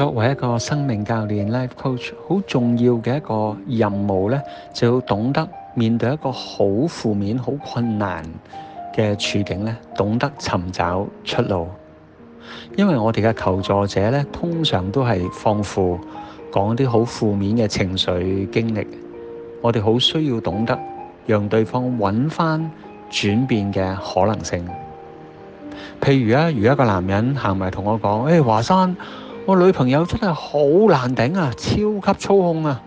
作為一個生命教練 （life coach），好重要嘅一個任務呢，就要懂得面對一個好負面、好困難嘅處境呢，懂得尋找出路。因為我哋嘅求助者呢，通常都係放負講啲好負面嘅情緒經歷。我哋好需要懂得讓對方揾返轉變嘅可能性。譬如啊，如果一個男人行埋同我講：誒、hey，華山。」我女朋友真係好難頂啊，超級操控啊，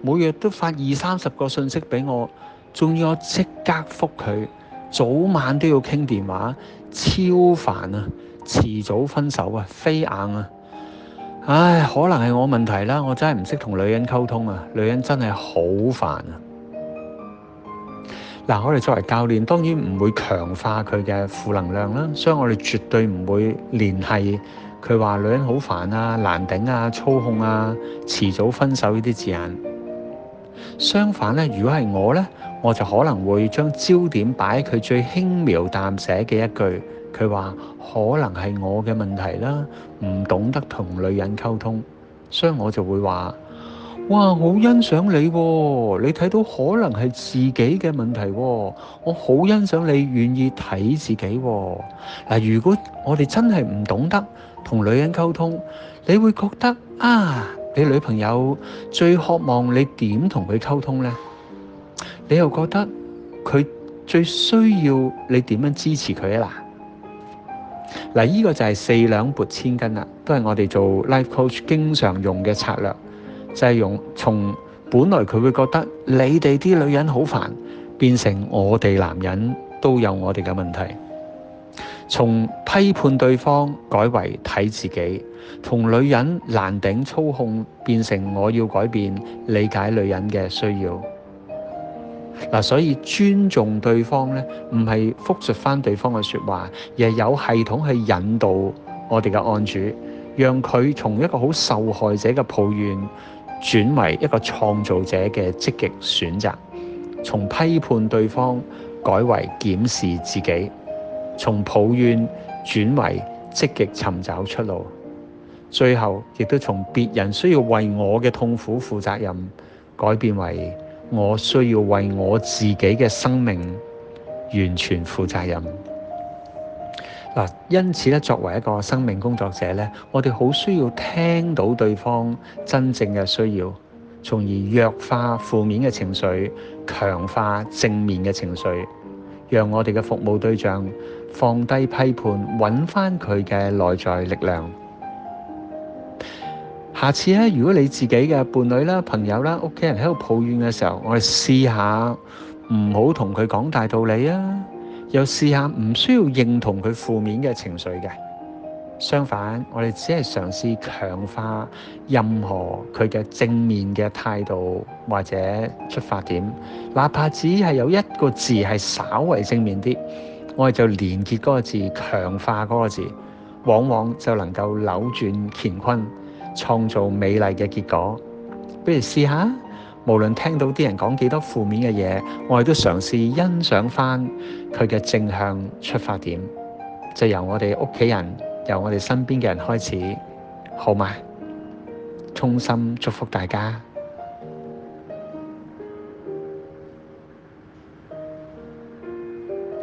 每日都發二三十個信息俾我，仲要我即刻覆佢，早晚都要傾電話，超煩啊，遲早分手啊，飛硬啊！唉，可能係我問題啦，我真係唔識同女人溝通啊，女人真係好煩啊！嗱，我哋作為教練，當然唔會強化佢嘅負能量啦，所以我哋絕對唔會聯繫。佢話女人好煩啊，難頂啊，操控啊，遲早分手呢啲字眼。相反咧，如果係我咧，我就可能會將焦點擺喺佢最輕描淡寫嘅一句，佢話可能係我嘅問題啦，唔懂得同女人溝通，所以我就會話。哇，好欣賞你喎，你睇到可能係自己嘅問題喎，我好欣賞你願意睇自己喎。嗱，如果我哋真係唔懂得同女人溝通，你會覺得啊，你女朋友最渴望你點同佢溝通呢？你又覺得佢最需要你點樣支持佢啊？嗱，呢個就係四兩撥千斤啦，都係我哋做 life coach 經常用嘅策略。就係用從本來佢會覺得你哋啲女人好煩，變成我哋男人都有我哋嘅問題；從批判對方，改為睇自己；從女人難頂操控，變成我要改變理解女人嘅需要。嗱，所以尊重對方呢，唔係複述返對方嘅説話，而係有系統去引導我哋嘅案主，讓佢從一個好受害者嘅抱怨，轉為一個創造者嘅積極選擇，從批判對方，改為檢視自己，從抱怨轉為積極尋找出路，最後亦都從別人需要為我嘅痛苦負責任，改變為我需要為我自己嘅生命完全負責任。因此咧，作為一個生命工作者咧，我哋好需要聽到對方真正嘅需要，從而弱化負面嘅情緒，強化正面嘅情緒，讓我哋嘅服務對象放低批判，揾返佢嘅內在力量。下次咧，如果你自己嘅伴侶啦、朋友啦、屋企人喺度抱怨嘅時候，我哋試下唔好同佢講大道理啊！又試下唔需要認同佢負面嘅情緒嘅，相反，我哋只係嘗試強化任何佢嘅正面嘅態度或者出發點，哪怕只係有一個字係稍微正面啲，我哋就連結嗰個字，強化嗰個字，往往就能夠扭轉乾坤，創造美麗嘅結果。不如試下。無論聽到啲人講幾多負面嘅嘢，我哋都嘗試欣賞返佢嘅正向出發點，就由我哋屋企人，由我哋身邊嘅人開始，好嗎？衷心祝福大家。